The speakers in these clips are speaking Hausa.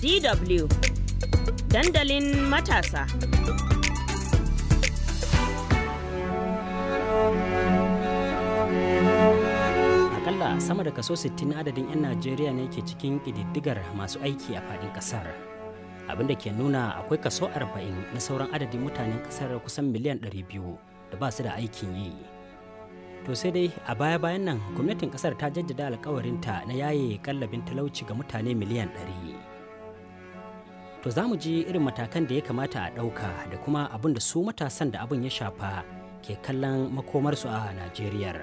DW dandalin matasa. Akalla sama da kaso 60 adadin 'yan Najeriya ne ke cikin ƙididdigar masu aiki a faɗin ƙasar. Abinda ke nuna akwai kaso 40 na sauran adadin mutanen ƙasar kusan miliyan 200 da ba su da aikin yi. to sai dai a baya-bayan nan gwamnatin kasar ta jaddada ta na yaye kallabin talauci ga mutane miliyan to za mu ji irin matakan da ya kamata a ɗauka da kuma abin da su matasan da abin ya shafa ke kallon makomarsu a najeriya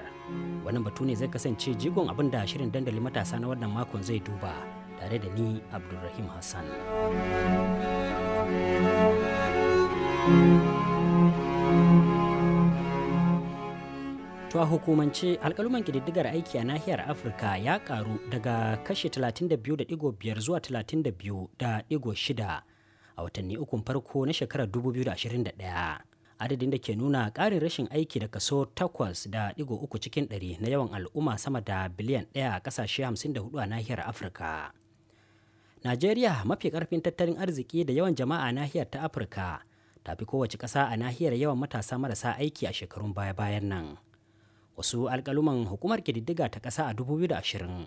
wannan batu ne zai kasance jigon abin da shirin dandali matasa na wannan makon zai duba tare da ni abdulrahim hassan To a hukumance alkaluman kididdigar aiki a nahiyar Afirka ya karu daga kashe 32.5 zuwa 32.6 a watanni ukun farko na shekarar 2021. Adadin da ke nuna ƙarin rashin aiki da kaso 8.3 cikin 100 na yawan al'umma sama da biliyan 1 a ƙasashe 54 a nahiyar Afirka. Najeriya mafi ƙarfin tattalin arziki da yawan jama'a nahiyar ta Afirka tafi kowace ƙasa a nahiyar yawan matasa marasa aiki a shekarun baya-bayan nan. wasu alkaluman hukumar kididdiga ta ƙasa a 2020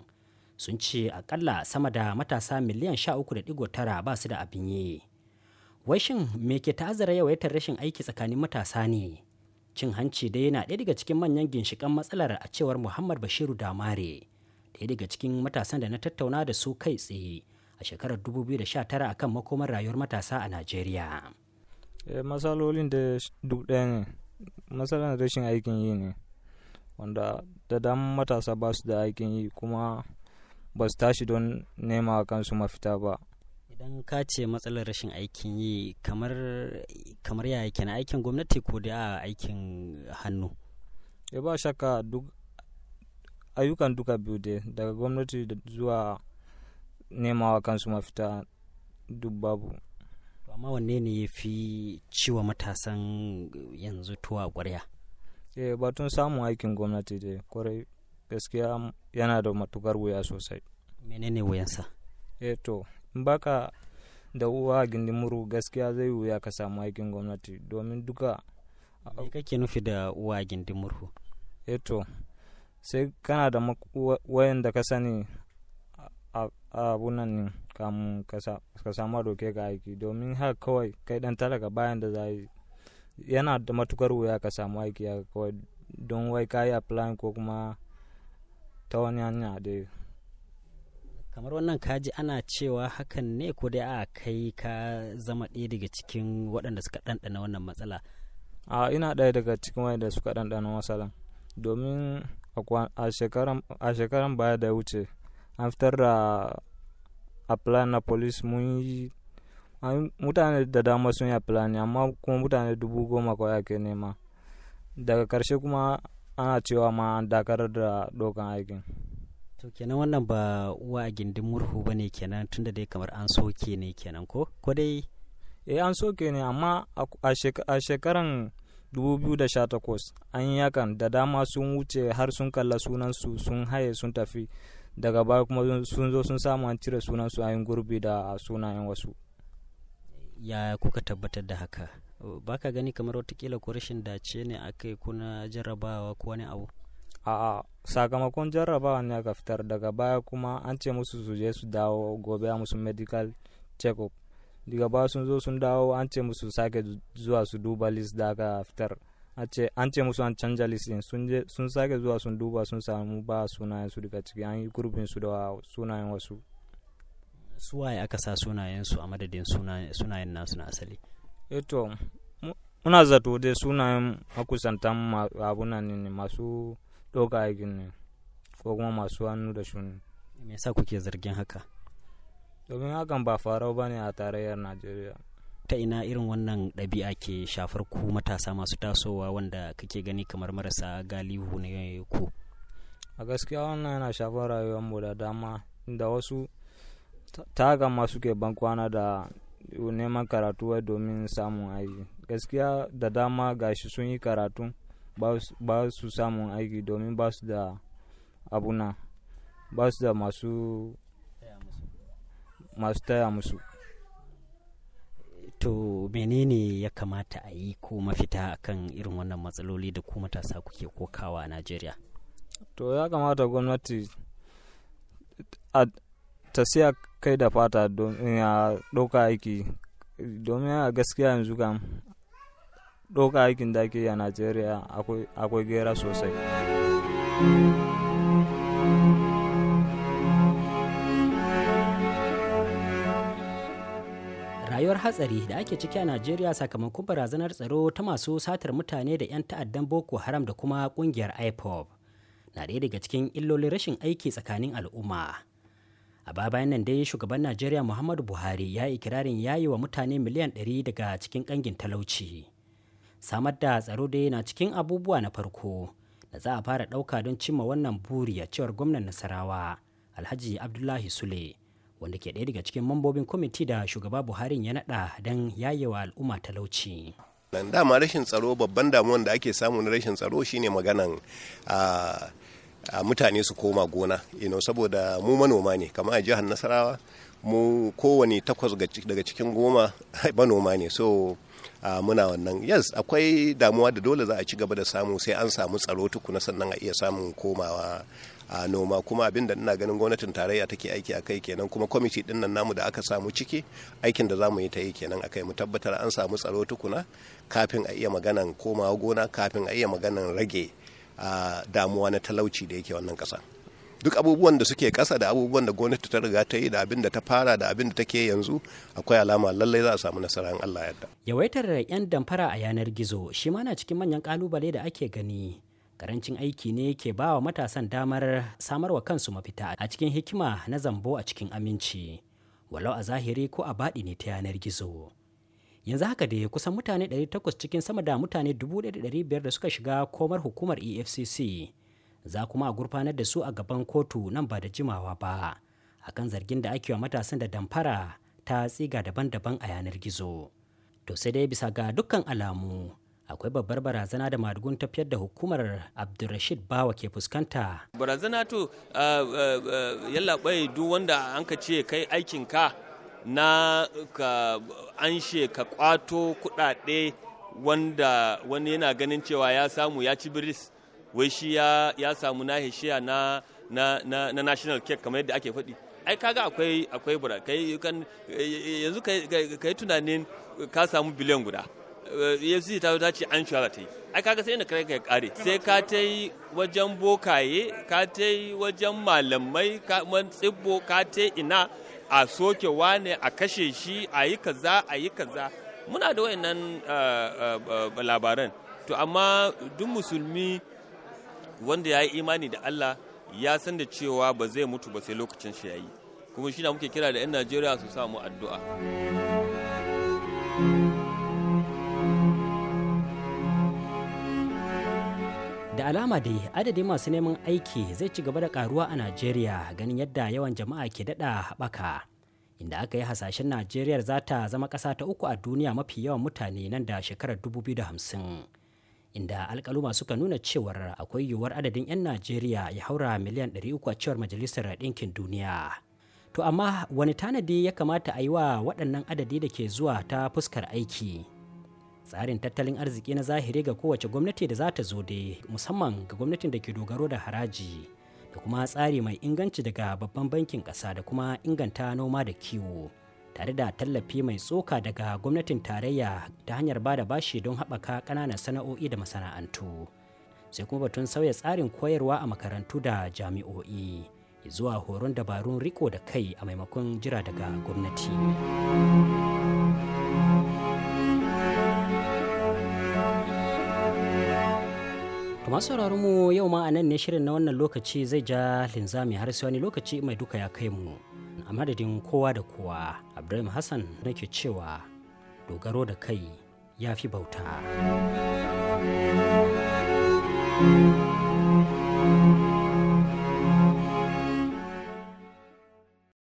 sun ce akalla sama da matasa miliyan 13.9 ba su da abin yi wai shin me ke ta'azzara yawaitar rashin aiki tsakanin matasa ne cin hanci dai yana ɗaya daga cikin manyan ginshikan matsalar a cewar muhammad bashiru damare ɗaya daga cikin matasan da na tattauna da su kai tsaye a shekarar 2019 akan makomar rayuwar matasa a najeriya eh, matsalolin da duk ɗaya ne matsalar rashin aikin yi ne wanda da dan matasa ba su da aikin yi kuma ba su tashi don nema kansu mafita ba idan ka ce matsalar rashin aikin yi kamar kamar yaya na aikin gwamnati ko da aikin hannu ya eh, ba shakka duk ayyukan duka biyu dai daga gwamnati da zuwa nemawa kansu mafita duk babu amma wanne ne ya fi ciwa matasan yanzu tuwa ƙwarya eh batun samun aikin gwamnati dai kwarai gaskiya yana da matukar wuya sosai menene wuyansa eh to in baka da uwa gindin muru gaskiya zai wuya ka samu aikin gwamnati domin duka me kake nufi da uwa gindin muru eh to sai kana da wayan da ka sani abunan ne kamun ka samu doke ga aiki domin haka kawai kai dan talaka bayan da za yana da matukar wuya ka samu aiki a kawai don wai ka yi applying ko kuma ta wani hanya dai kamar wannan kaji ana cewa hakan ne ko dai a kai ka zama ɗaya daga cikin waɗanda suka ɗanɗana wannan matsala a ina ɗaya daga cikin waɗanda suka ɗanɗana matsalan domin a shekaran baya da wuce an fitar da apply na police mun yi mutane da dama sun yi plani amma kuma mutane dubu goma kawai ake nema daga karshe kuma ana cewa ma an dakarar da dokan aikin to kenan wannan ba wa gindin murhu ba ne kenan tunda dai kamar an soke ne kenan ko ko dai eh an soke ne amma a shekaran 2018 an yi yakan da dama sun wuce har sun kalla sunansu sun haye sun tafi daga baya kuma sun zo sun samu an cire sunansu a yin gurbi da sunayen wasu ya kuka tabbatar da haka baka gani kamar watakila ko rashin dace ne aka yi kuna jarrabawa ko wani abu a'a sakamakon jarrabawa ne aka fitar daga baya kuma an ce musu su je su dawo gobe a musu medical check-up daga baya sun zo sun dawo an ce musu sake zuwa su duba list da aka fitar an ce musu an canja list din sun sake zuwa sun duba sun samu ba sunayen su daga ciki an yi gurbin su da sunayen wasu su waye aka sa sunayensu a madadin sunayen nasu na asali eto eh muna zato da sunayen makusantan nan ne masu doka aikin ne ko kuma masu hannu da shuni me yasa kuke zargin haka domin hakan ba farau ba ne a tarayyar najeriya ta ina irin wannan ɗabi'a ke shafar ku matasa masu tasowa wanda kake gani kamar marasa galihu ne ku a gaskiya wannan yana shafar rayuwar mu da dama inda wasu ta haka ma suke ban kwana da neman karatu domin samun aiki gaskiya da dama gashi sun yi karatu ba su samun aiki domin ba su da abuna ba su da masu taya musu to menene ya kamata a yi ko mafita akan irin wannan matsaloli da ku matasa kuke kokawa a najeriya to ya kamata gwamnati ta siya kai da fata domin ya eh, ɗauka aiki domin a gaskiya yanzu kam ɗauka aikin da ake a najeriya akwai gera sosai rayuwar hatsari da ake ciki a najeriya sakamakon barazanar tsaro ta masu satar mutane da 'yan ta'addan boko haram da kuma kungiyar ipob na ɗaya daga cikin illolin rashin aiki tsakanin al'umma a baya bayan nan dai shugaban najeriya muhammadu buhari ya yi ikirarin yayi wa mutane miliyan 100 daga cikin kangin talauci samar da tsaro dai na cikin abubuwa na farko da za a fara ɗauka don cimma wannan buri a cewar gwamnan nasarawa alhaji abdullahi sule wanda ke ɗaya daga cikin mambobin kwamiti da shugaba buhari ya naɗa don wa al'umma talauci dama rashin tsaro babban damuwan da ake samu na rashin tsaro shine maganan ah, mutane su koma gona ino saboda mu manoma ne kamar a jihar nasarawa mu kowane takwas daga cikin goma manoma ne so uh, muna wannan yes akwai damuwa da dole za a ci gaba da samu sai an samu tsaro tukuna sannan a iya samun komawa a noma kuma abin da ina ganin gwamnatin tarayya take aiki akai kenan kuma kwamiti din namu da aka samu ciki aikin da zamu yi ta yi kenan akai mu tabbatar an samu tsaro tukuna kafin a iya maganan komawa gona kafin a iya maganan rage damuwa na talauci da yake wannan kasa duk abubuwan da suke kasa da abubuwan da gwamnati ta riga ta yi da abin da ta fara da abin da take yanzu akwai alama lallai za a samu nasara in Allah yarda. Yawaitar 'yan damfara a yanar gizo shi ma na cikin manyan kalubale da ake gani. Karancin aiki ne ke ba wa matasan damar samarwa kansu mafita a cikin hikima na zambo a cikin aminci. Walau a zahiri ko a baɗi ne ta yanar gizo. yanzu haka da kusan mutane 800 cikin sama da mutane 1,500 da suka shiga komar hukumar efcc za kuma a gurfanar da su a gaban kotu nan ba da jimawa ba akan zargin da ake wa matasan da damfara ta tsiga daban-daban a yanar gizo to sai dai bisa ga dukkan alamu akwai babbar barazana da madugun tafiyar da hukumar abdulrashid bawa ke fuskanta barazana to ah, ah, ah, yalla duk wanda an ka ce kai aikinka. na ka anshe ka kwato kuɗaɗe wanda wani yana ganin cewa ya samu ya ci biris wai shi ya, samu na hishiya na, na, national cake kamar yadda ake faɗi ai kaga akwai akwai bura kai kan yanzu kai tunanin ka samu biliyan guda yanzu eh, ta ta ce an shawara ta yi ai kaga sai na kare ka kare sai ka ta yi wajen bokaye ka ta yi wajen malamai ka man tsibbo ka ta ina a soke wane a kashe shi a yi kaza a yi kaza muna da wayannan eh, eh, eh, labaran to amma duk musulmi wanda ya yi imani da Allah ya san da cewa ba zai mutu ba sai lokacin shi yayi kuma shi na muke kira da 'yan Najeriya su samu addu'a. da alama dai adadin masu neman aiki zai ci gaba da karuwa a najeriya ganin yadda yawan jama'a ke daɗa haɓaka inda aka yi hasashen najeriya za ta zama ƙasa ta uku a duniya mafi yawan mutane nan da shekarar 2050 inda alƙaluma suka nuna cewar akwai yiwuwar adadin 'yan najeriya ya haura miliyan 300 a cewar majalisar ɗinkin duniya to amma wani tanadi ya kamata a yi wa waɗannan adadi da ke zuwa ta fuskar aiki tsarin tattalin arziki na zahiri ga kowace gwamnati da za ta zo dai musamman ga gwamnatin da ke dogaro da haraji da kuma tsari mai inganci daga babban bankin ƙasa da kuma inganta noma da kiwo tare da tallafi mai tsoka daga gwamnatin tarayya ta hanyar ba da bashi don haɓaka ƙananan sana'o'i da masana'antu sai kuma batun sauya tsarin koyarwa a makarantu da jami'o'i zuwa horon dabarun riko da kai a maimakon jira daga gwamnati. masu mu yau ma a nan ne shirin na wannan lokaci zai ja linzami har sai wani lokaci mai duka ya kai mu a madadin kowa da kowa abdulrahim hassan nake cewa dogaro da kai ya fi bauta thank you